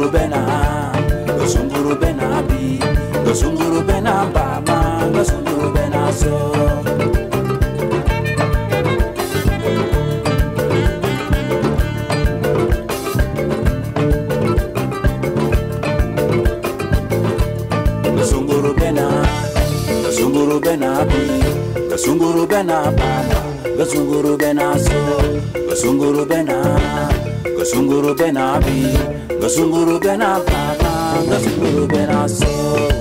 sunguru bena, do sunguru bena bi, do sunguru bena ba. bena bi, Gusunguru bena bana, Gusunguru bena so.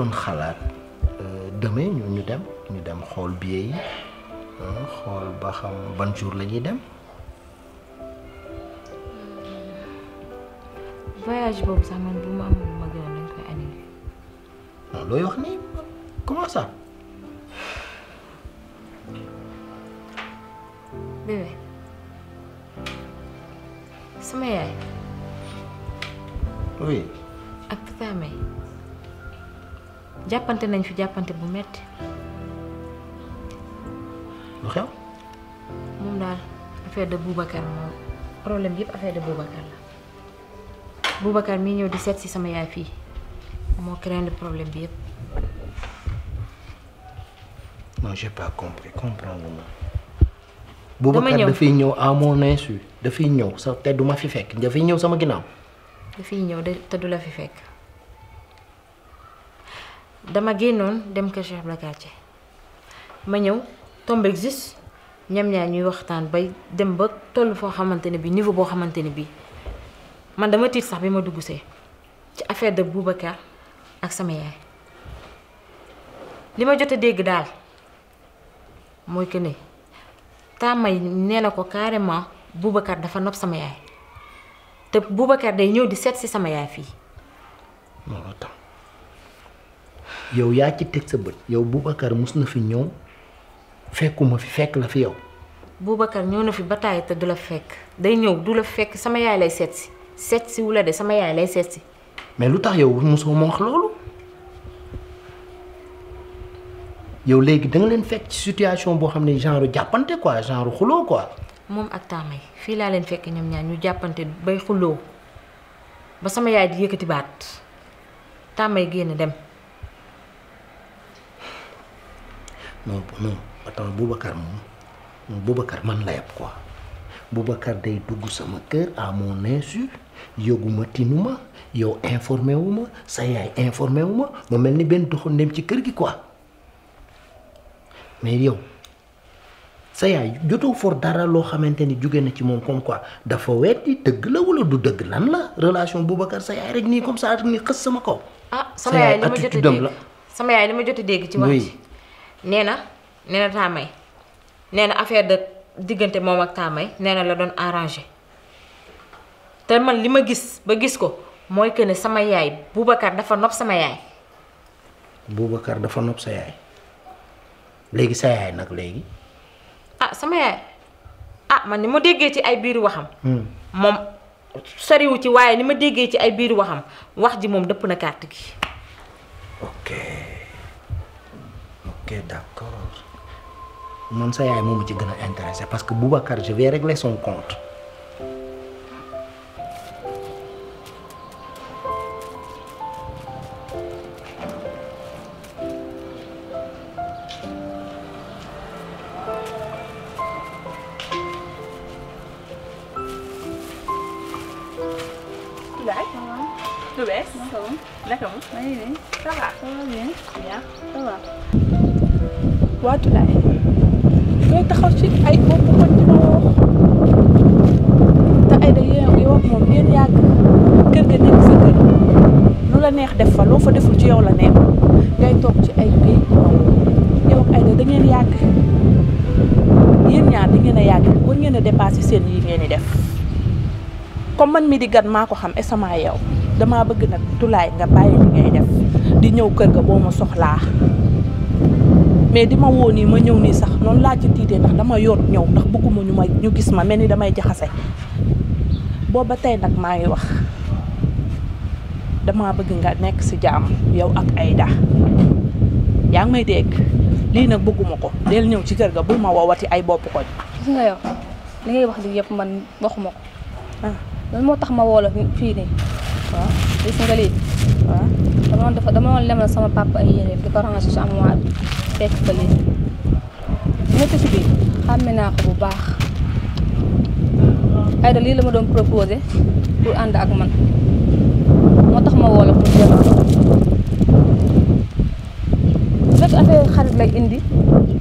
doon xalaat euh, demain ñu ñu dem ñu dem xool billet yi euh, xool ba xam ban jour la ñuy dem. voyage boobu sax man bu ma am ma gën dañ koy annulé. non looy wax nii comment ça. bébé sama yaay. oui. ak Tata May. jàppante nañ fi jàppante bu metti lu xew. moom daal affaire de Boubacar moom problème yëpp affaire de bubakar la Boubacar mii ñëw di seet si sama yaay fii moo créé le problème bi yëpp. non j'ai pas compris comprendre ma. Boubacar dafay ñëw à mon insu dafay ñëw sa te du ma fi fekk dafay ñëw sama ginnaaw. dafay ñëw te du la fi fekk. dama génnoon dem kër Cheikh Abdou Gàcce ma ñëw tombe gis ñam ñaar ñuy waxtaan bay dem ba toll foo xamante ne bi niveau boo xamante ne bi man dama tiit sax bi ma dugg see ci affaire de Boubacar ak sama yaay li ma jot a dégg daal mooy que ne tàmmay nee na ko carrément Boubacar dafa nopp sama yaay te Boubacar day ñëw di seet si sama yaay fii. yow yaa ci teg sa bët yow Boubacar mus na fi ñëw fekkuma fi fekk la fi yow Boubacar ñëw na fi ba tàyyi te du la fekk day ñëw du la fekk sama yaay lay seet si seet si la de sama yaay lay seet si mais lu tax yow mosoo ma wax loolu yow léegi da leen fekk ci situation boo xam ne genre jàppante quoi genre xuloo quoi moom ak taamay fii laa leen fekk ñoom ñaar ñu jàppante bay xuloo ba sama yaay di yëkkati baat taamay génn dem non non attends Boubacar mom Boubacar man layap quoi Boubacar day dugg sama kër à mon insu yoguma tinuma yo informé wuma ma sa yaay informé wuma mo melni ben ni benn ci kër gi quoi mais yow sa yaay joto for dara lo xamanteni jugé na ci mom comme quoi dafa wéti deug la wala du deug lan la relation Boubacar sa yaay rek ni comme ça ni xess sama ko ah sama yaay li ma jot a sama yaay li ma jot a ci wax nee na nee na Tamay nee na affaire de diggante moom ak Tamay nee na la doon arrangé te man li ma gis ba gis ko mooy que ne sama yaay Boubacar dafa nopp sama yaay. Boubacar dafa nopp sa yaay léegi sa yaay nag léegi. ah sama yaay ah man ni ma déggee ci ay biir waxam. Hmm. moom soriwu ci waaye ni ma déggee ci ay biir waxam wax ji moom dëpp na kàtt gi. ok d'accord man sa yaay moo ma ci gën a intéressé parce que Boubacar je vais régler son compte. di ngeen a yàgg war ngeen a dépassé seen yi ngeen di def comme man mi di gan maa ko xam e sama yow damaa bëgg nag tulaay nga bàyyi li ngay def di ñëw kër ga boo ma soxlaa mais di ma woo nii ma ñëw nii sax noonu laaj ci tiitee ndax dama yoot ñëw ndax bëgguma ñu ma ñu gis ma mel ni damay jaxase booba tey nag maa ngi wax dama bëgg nga nekk si jaam yow ak Aïda yaa ngi may dégg lii nag bëgguma ko del ñëw ci kër ga bul ma woowati ay bopp koñ gis nga yow li ngay wax di yëpp man waxuma ko ah lan moo tax ma woo la fii nii waaw gis nga lii waaw dama doon dama lemal sama papa ay yére di ko ranger ci armoire fa lii nekk ci biir xàmme naa ko bu baax ay da lii la ma doon proposé pour ànd ak man moo tax ma woo la pour jël ci affaire xarit lay indi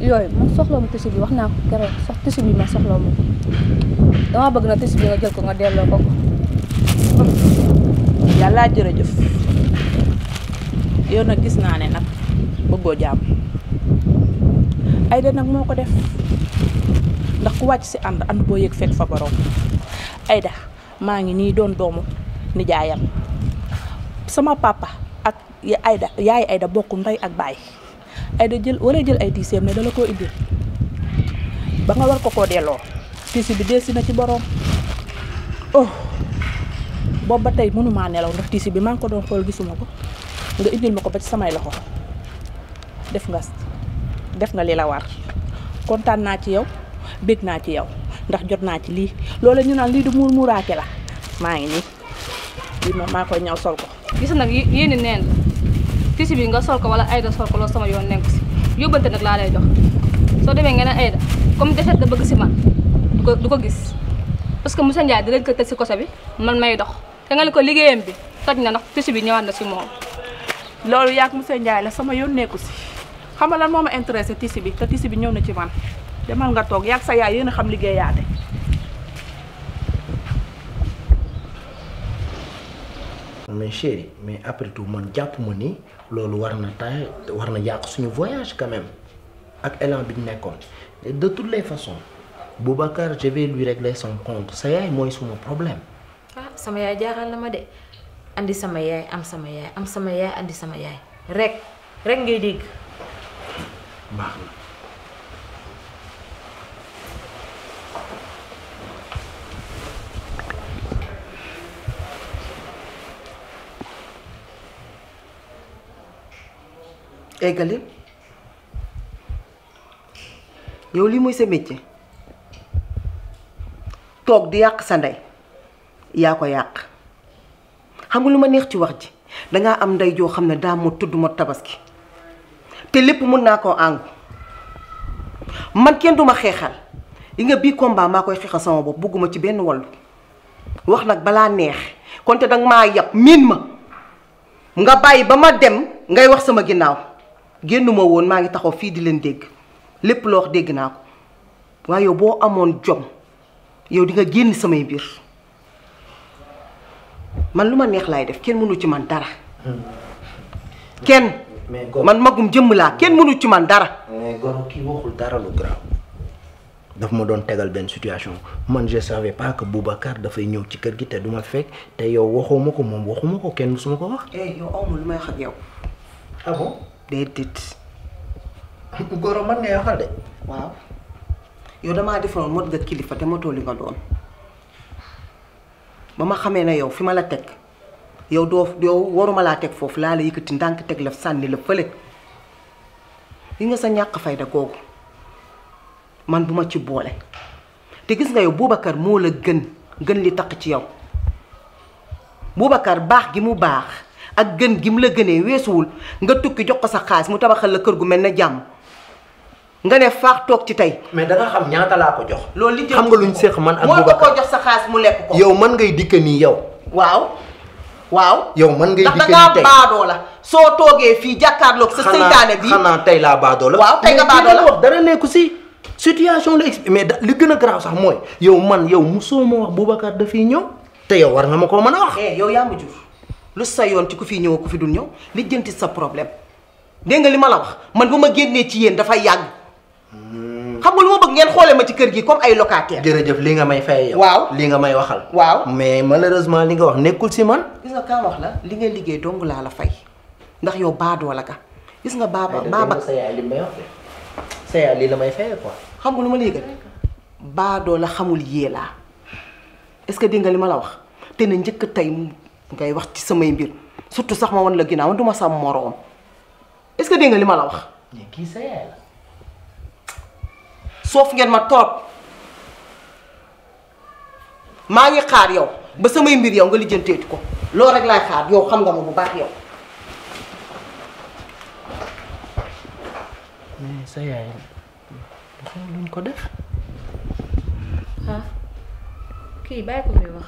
yooyu man soxloo ma tissu bi wax naa ko keroog sax tissu bi ma soxloo ma dama bëgg na tissu bi nga jël ko nga delloo ko ko yàlla jërëjëf yow nag gis naa ko def ndax ku wàcc si ànd ànd boo yëg fekk fa borom Aïda maa ngi doon doomu sama papa ak ya Aïda yaay Aïda bokku ndey ak baay da jël wala jël ay tiiseem da la ko indi ba nga war ko ko délo tiisi bi delsi na ci borom oh Bob ba tey mënumaa nelaw ndax tiisi bi maa ko don xol gisuma ko nga indil ma ba ci samay loxo def nga def nga lila war kontan na ci yow bit na ci yow ndax jot na ci li lolé ñu naan li du mur la ma ngi ni di ma ko ñaw sol ko gis nak yene neen tisi bi nga sol ko wala ayda sol ko lo sama yon nek ci yobante nak la lay jox soo demee ngeen ayda comme defet da beug si man gis parce que Moussa Ndiaye dinañ ko tecc ci koso bi man may dox te nga liko ko bi toj na nak tisi bi ñëwaat na si moom loolu yaag Moussa Ndiaye la sama yon nek ci xama lan moma intéressé tisi bi te tisi bi ñew na ci man demal nga tok yak sa yaay yeena xam ligeyate mais chérie mais après tout mon jàpp ma ni loolu warna tay warna na suñu voyage quand même ak élan bi ñu de toutes les façons Boubacar je vais lui régler son compte sa yaay moy suma problème. ah sama yaay jaaxal na ma de andi sama yaay am sama yaay am sama yaay andi sama yaay rek rek ngay dégg. baax eggali yow lii mooy sa métier toog di yàq sa ndey yaa ko yàq xam nga lu ma neex ci wax ji dangaa am ndey joo xam ne daa ma tudd ma tabaski te lépp mën naa koo àngu man kenn duma xeexal yi nga bii combat maa koy xeexal sama bopp bëgguma ci benn wallu wax nag balaa neex konte danga maa yab miin ma nga bàyyi ba ma dem ngay wax sama ginnaaw génnuma woon maa ngi taxaw fii di leen dégg lépp loo wax dégg naa ko waaye boo amoon jom yow dinga génn samay biir man lu ma neex laay def kenn mënu ci man dara hmm. kenn man magum jëmm laa kenn mënul ci man dara mais goro kii waxul dara ma doon tegal benn situation man je savais pas bu bakar dafay ñëw ci kër gi te duma fekk te yow waxuma ko moom waxuma ko kenn mësuma ko wax eh yow awma yow ah déedéet. goro man ngay waxal de. waaw yow damaa defoon nga kilifa te motoo li nga doon ba ma xamee ne yow fi ma la teg yow doo yow waruma laa teg foofu laa la yëkkati ndànk teg la sànni la fële li nga sa ñàkk fayda googu man bu ma ci boole te gis nga yow Boubacar moo la gën gën li taq ci yow Boubacar baax gi mu baax. ak gën gi mu la gënee weesuwul nga tukki jox ko sa xaalis mu tabaxal la kër gu mel ne jàmm nga ne faax toog ci tey. mais da xam ñaata laa ko jox. loolu li xam nga luñ seex man moo ko jox sa mu lekk ko. yow man ngay dikk nii yow. waaw. waaw yow man ngay dikkee nii la soo toogee fii jàkkaarloog sa seytaane bi xanaa tey laa baadoo la. waaw tey nga dara nekku si. situation la expliqué mais li gën a grave sax mooy yow man yow musoo ma wax Boubacar dafiy ñëw te yow war nga ma koo mën a wax. Eh, yow yaa ma jur. lu sa yoon ci ku fi ñëw ku fi dul ñëw lijjanti sa problème dégg nga li ma la wax man bu ma génnee ci yéen dafay yàgg. Hmm. xam nga lu ma ngeen xoolee ma ci kër gi comme ay locataire. jërëjëf li nga may fay yow. waaw nga may waxal. waaw mais malheureusement li nga wax nekkul si man. gis la li nga liggéey dong laa la fay ndax yow baadoo la ka gis nga baaba baaba sa yaay li la may fayee xam nga lu ma la yëgal xamul yéelaa est-ce que dégg nga li ma la wax te na njëkk tey ngay wax ci samay mbir surtout sax ma woon la ginnaaw duma sa moroom est-ce nga li ma la wax. kii sa yaay soof ngeen ma toog maa ngi xaar yow ba samay mbir yow nga lijjanteeti ko loolu rek laay xaar yow xam nga ma bu baax yow. ko def. ah kii bàyyi ko muy wax.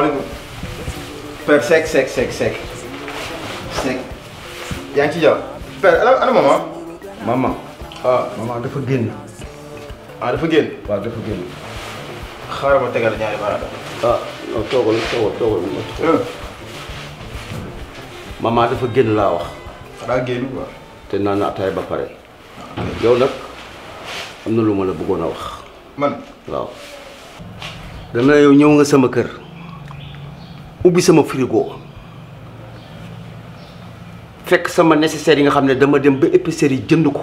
asalaamaaleykum. père sec sec sec yaa ngi ci jàmm. père ana ana maman. maman. Ah. dafa génn. ah dafa génn. waaw dafa génn. laa wax. te naan na ataay ba pare. yow nag am na lu ma la bëggoon a wax. man waaw. dama yow ñëw nga sama kër. ubbi sama frigo fekk sama nécessaire yi nga xam ne dama dem ba épicerie yi jënd ko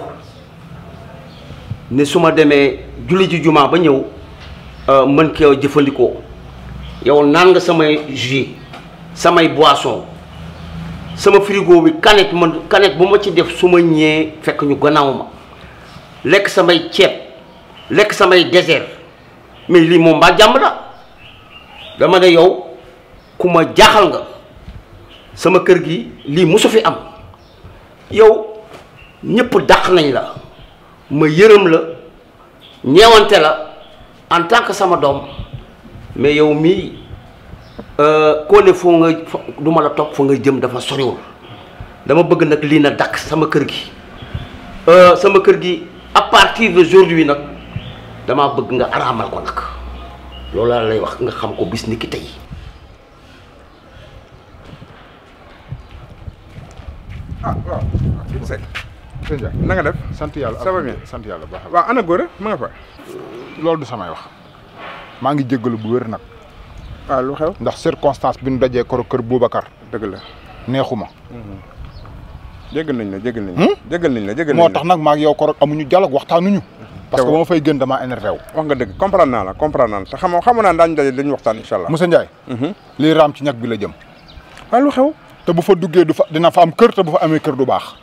ne su ma demee julli ji jumaa ba ñëw euh, mën ko jëfandikoo yow naan nga samay jus samay boisson sama frigo bi canette man canette bu ma ci def su ma ñëwee fekk ñu gannaaw ma lekk samay ceeb lekk samay dessert mais lii moom mbaa jàmm la dama ne yow ku ma jaaxal nga sama kër gi lii musu fi am yow ñëpp dàq nañ la ma yërëm la ñeewante la en tant que sama doom mais yow mii euh, koo ne foo nga du ma la topp foo nga jëm dafa soriwul dama bëgg nag lii na dakk sama kër gi euh, sama kër gi à partir d'aujourd'hui nag damaa bëgg nga araamal ko nag loolu laa lay wax nga xam ko bis ni ki tey ah waaw Seck. sëñ na nga def. sant yàlla ça va bien sant yàlla baax a. waaw ana góor ma nga fa. Euh, loolu du samay wax maa ngi jéggalu bu wér nag. waaw ah, lu xew ndax circonstance bi ñu dajee koro kër Boubacar. dëgg la neexuma. Mm-hmm. jéggal nañ la jéggal nañ la. Hmm? jéggal nañ la jéggal nañ la moo tax nag maa ngi yow koro amuñu dialogue waxtaanuñu. Mm-hmm. parce que ba ma fay te bu fa duggé du dina fa am kër te bu fa amé kër du bax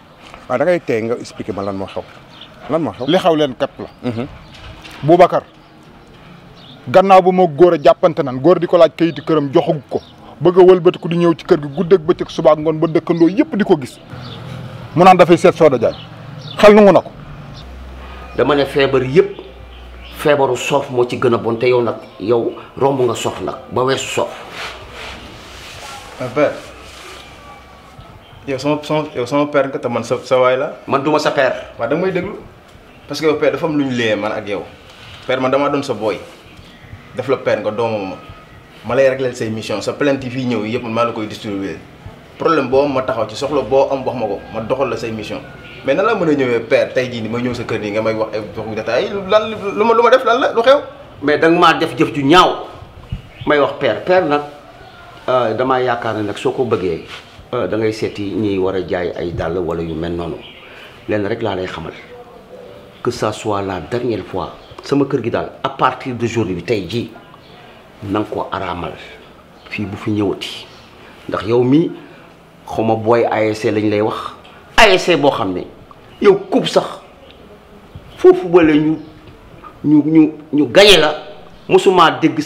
wa da ngay tey nga expliquer ma lan mo xaw lan mo xaw li xaw len kat la. Mhm. bakkar gannaaw bu mo goor a nan goor di laaj kayiti kërëm joxugo ko bëgg wëlbeut ku di ñëw ci kër gi guddeeg bëccëg suba ngon ba dëkkandoo yëpp di ko gis mu naan dafay seet Soda Diagne xel nangu na ko. dama né fièvre yépp fièvre sof mo ci gëna bon té yow nak yow romb nga sof nak ba yow sama sama yow sama père nga te man sa sa waay la. man duma sa père. waaw dang may deglu parce que yow père dafa am luñu ñu man ak yow père man dama don sa boy def la père nga doomam ma ma lay réglé say mission sa plainte fi ñew yépp ma la koy distribuer problème bo ma taxaw ci soxlo bo am wax mako ma doxal la say mission mais nan la mëna ñëwé père tay jii ni ma ñëw sa kër ni nga may wax ay waxu détail lan luma luma def lan la lu xew. mais dang ma maa def jëf ju ñaaw may wax père père nag ah, damaa yaakaar ne nag soo ko bëggee. Euh, da ngay seeti ñiy war a jaay ay dàll wala yu mel noonu lenn rek laa lay xamal que ça soit la dernière fois sama kër gi daal à partir de jour bi tey jii nang ko araamal fii bu fi ñëwati ndax yow mii xawma booy ASC lañ lay wax ASC boo xam ne yow coupe sax foofu ba la ñu ñu ñu ñu gañe la mosumaa dégg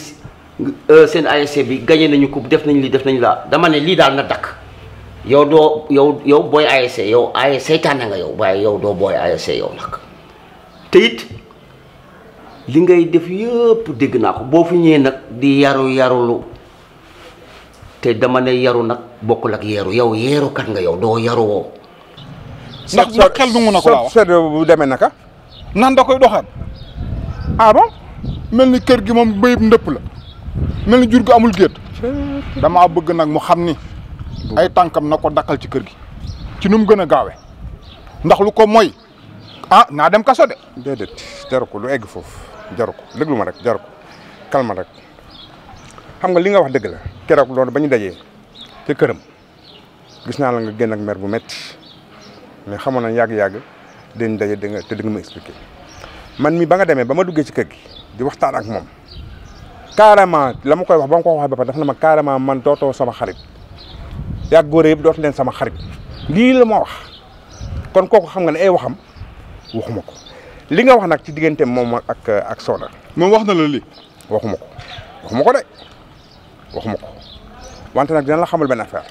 euh, seen ASC bi gañe nañu coupe def nañ lii def nañ laa dama ne lii daal na dakk yow doo yow yow booy ASC yow ASC tànn nga yow waaye yow doo booy ASC yow nag te it li ngay def yépp dégg naa ko boo fi ñëwee nag di yaru yarulu te dama ne yaru nag bokkul ak yeeru yow yeeru kat nga yow yaru dungu ko waaw sedd bu demee naka nan da koy doxaat ah bon mel ni kër gi moom béyub ndëpp la jur amul bëgg mu ay tankam nako dakal ci kër gi ci num gëna gaawé ndax lu ko moy ah na dem kasso dé dédét jaru ko lu egg fofu jaru ko déglu rek jaru ko kalma rek xam nga li nga wax dëgg la kérok loolu bañu dajé dajee kërëm gis na la nga gën ak mer bu metti mais xamona yag yag dañ daje nga té dëgg ma expliquer man mi ba nga démé ba ma ci kër gi di waxtaan ak mom carrément koy wax ba ko waxe ba na ma carrément man toto sama xarit yaa góor yëpp dootu leen sama xarit lii la ma wax kon kooku xam nga ne ay waxam waxuma ko li nga wax nag ci diggante moom ak ak Soda. moom wax na la lii. waxuma ko waxuma ko de waxuma ko wante nag dina la xamal benn affaire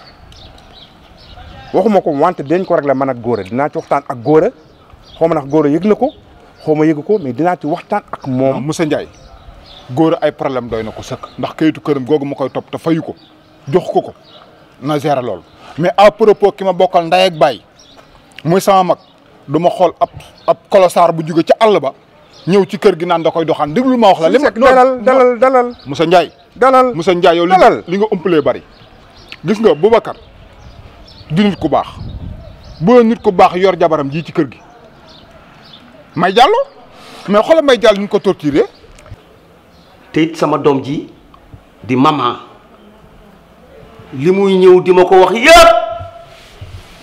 waxuma ko wante dinañ ko régler man ak góor dinaa ci waxtaan ak góor a xaw ma nag góor a na ko xaw ma yëg ko mais dinaa ci waxtaan ak moom. Moussa Ndiaye góor ay problème doy na ko sëkk. ndax kayitu këram googu ma koy topp te fayu ko jox ko ko. na gérer lool mais à propos ki ma bokkal ndey ak baay muy sama mag du ma xool ab ab kolosaar bu jóge ci àll ba ñëw ci kër gi naan da koy doxaan déglu ma wax la. li ma dalal dalal dalal. Moussa Ndiaye. dalal Moussa Ndiaye yow li nga li bari. gis nga Boubacar du nit ku baax bu nit ku baax yor jabaram jii ci kër gi may jàllo mais xoolal may jàll ñu ko torturé. te sama doom ji di maman. limuy ñew di mako wax yépp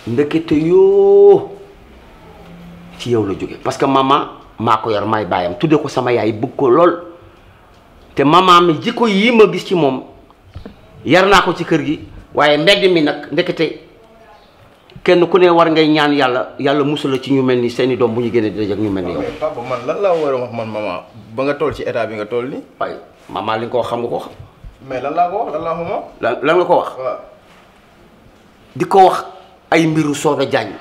ndekete yo ci yow la joggé parce que mama mako yar may bayam tudde ko sama yaay bëgg ko lol te mama mi jikko yi ma gis ci mom yar na ko ci kër gi waaye mbedd mi nak ndekete kenn ku ne war ngay ñaan yalla yalla musul ci ñu melni seeni dom bu ñu gëné jëg ñu melni yow ah, papa man lan la wara wax man mama ba nga toll ci état bi nga toll ni mama li ko xam ko xam mais lan la ko wax lan la di ko wax ay mbiru Soda Diagne.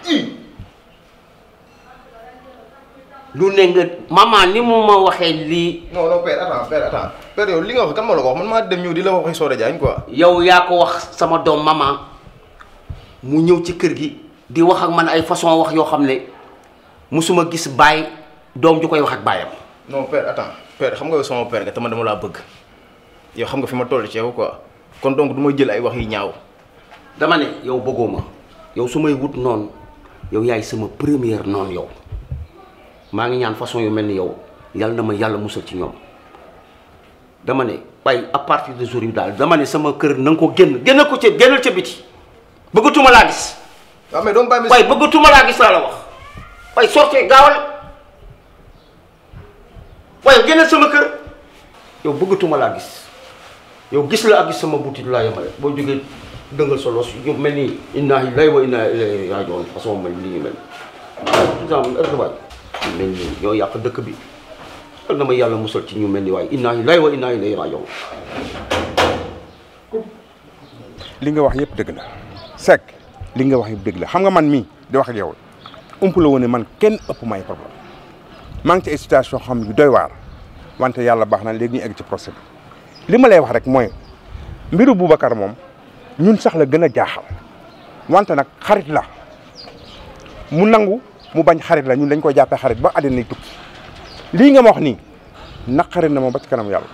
lu ne nga maman ni mu ma waxee lii. non non père attends père attends père yow li nga wax kan moo la ko wax man dem di la waxee Soda Diagne quoi. yow yaa ko wax sama doom mama. mu ñëw ci kër gi di wax ak man ay façon wax yoo xam musuma gis baay doom ju koy wax ak baayam. non père attends père xam nga sama père nga dama la bëgg. yow xam nga fi ma toll ci yow kon donc du ma jël ay wax yu ñaaw. dama ne yow bëggoo ma yow su may wut noon yow yaay sama première noon yow maa ngi ñaan façon yu mel ni yow yal na ma yàlla musal ci ñoom dama ne waaye à partir de jour yu daal dama ne sama kër na nga génn génn ko ca génnal ca biti bëggatuma laa gis. waaw bëggatuma laa gis laa la wax waaye sortee gaawal waaye génnal sama kër yow bëggatuma laa gis. yow gis la ak gis sama boutique laa yemale boo jógee dëngal sa los yu mel ni inna lillahi wa inna ilayhi raaji'uun façon mel ni ñu mel exemple rwaay mel ni ñoo yàq dëkk bi al na ma yàlla musal ci ñu mel ni waaye inna lillahi wa inna ilayhi raaji'uun li nga wax yëpp dëgg la Seck li nga wax yëpp dëgg la xam nga man mii di wax ak yow ump la woon ne man kenn ëpp may problème maa ngi ci situation xam yu doy waar wante yàlla baax na léegi ñu egg ci procès bi li ma lay wax rek mooy mbiru Boubacar moom ñun sax la gën a jaaxal wante nag xarit la mu nangu mu bañ xarit la ñun dañ koy jàppee xarit ba àddina tukki lii nga ma wax nii naqari na ma ba ci kanam yàlla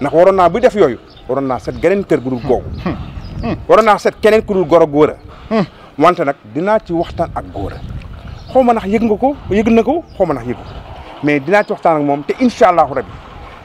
ndax waroon naa bu def yooyu waroon naa set geneen kër gu dul googu waroon naa set keneen ku dul goro góor a wante nag dinaa ci waxtaan ak góor a xaw ma ndax yëg nga ko yëg na ko xaw ma ndax yëg mais dinaa ci waxtaan ak moom te incha allahu rabi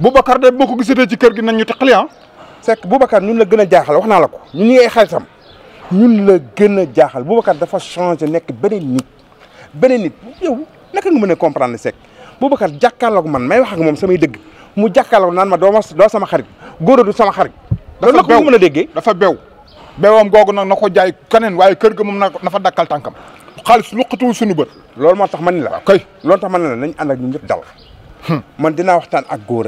Boubacar de boko ko gisatee ci kër gi nañ ñu teqali c'est fekk Boubacar ñun la gën a jaaxal wax la ko ñun ñi ay xaritam ñun la gën a jaaxal Boubacar dafa changé nekk beneen nit beneen nit yow naka nga mën a comprendre Seck Boubacar jàkkaarloog man may wax ak moom samay dëgg mu jàkkaarloog naan ma doo ma doo sama xarit góor du sama xarit. dafa bew loolu mën a dafa bew. bewam googu nag na jaay keneen waaye kër ga moom na fa dakkal tànkam xaalis luqatuwul suñu bët. loolu moo tax man la. kay loolu tax man la nañ ànd ak ñun ñëpp dal. man dinaa waxtaan ak góor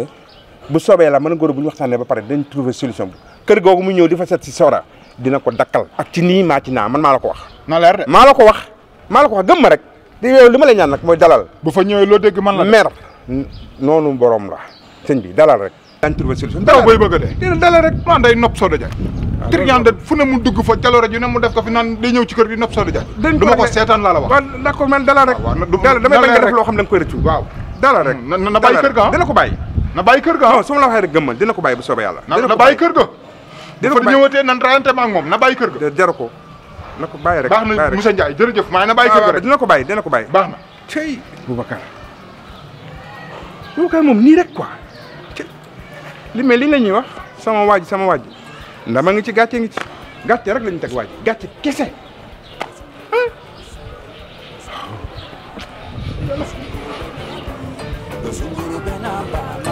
bu soobee la mën a góor bu ñu waxtaanee ba paré dañ trouver solution bi kër googu mu ñëw di fa set ci sora dina ko dakkal ak ci ni ma ci na man maa ko wax na leer de maa ko wax maa ko wax gëm ma rek di yow luma ma la ñaan nak moy dalal bu fa ñëwee lo dégg man la mer nonu borom la señ bi dalal rek dañ trouver solution daw boy bëgg dé dina dalal rek man day nopp do Diagne ah, triande fu ne mu dugg fa ci loraju ne mu def ko fi nan di ñew ci kër di nopp so do du duma ko sétan la la wax d'accord man dalal rek ah, dalal damay bañ nga def lo xam da koy rëccu waaw dalal rek mm, na bay kër ga dina ko bay na bàyyi kër ga su ma la waxee rek gëmmal dina ko bàyyi bu soba yalla na bàyyi kër ga dina ko bàyyi nan raante ma ak moom na bàyyi kër ga jaru ko na ko bàyyi rek baax na ndjay Ndiaye jërëjëf maa na bàyyi kër ga ah, dina ko bàyyi dina ko bàyyi baax na bakkar Boubacar Boubacar mom ni rek quoi li mel li lañ wax sama waji sama waaj ndama ngi ci gàcce ngi ci gàcce rek la ñu teg waaj gàcce kese Bye. Ah.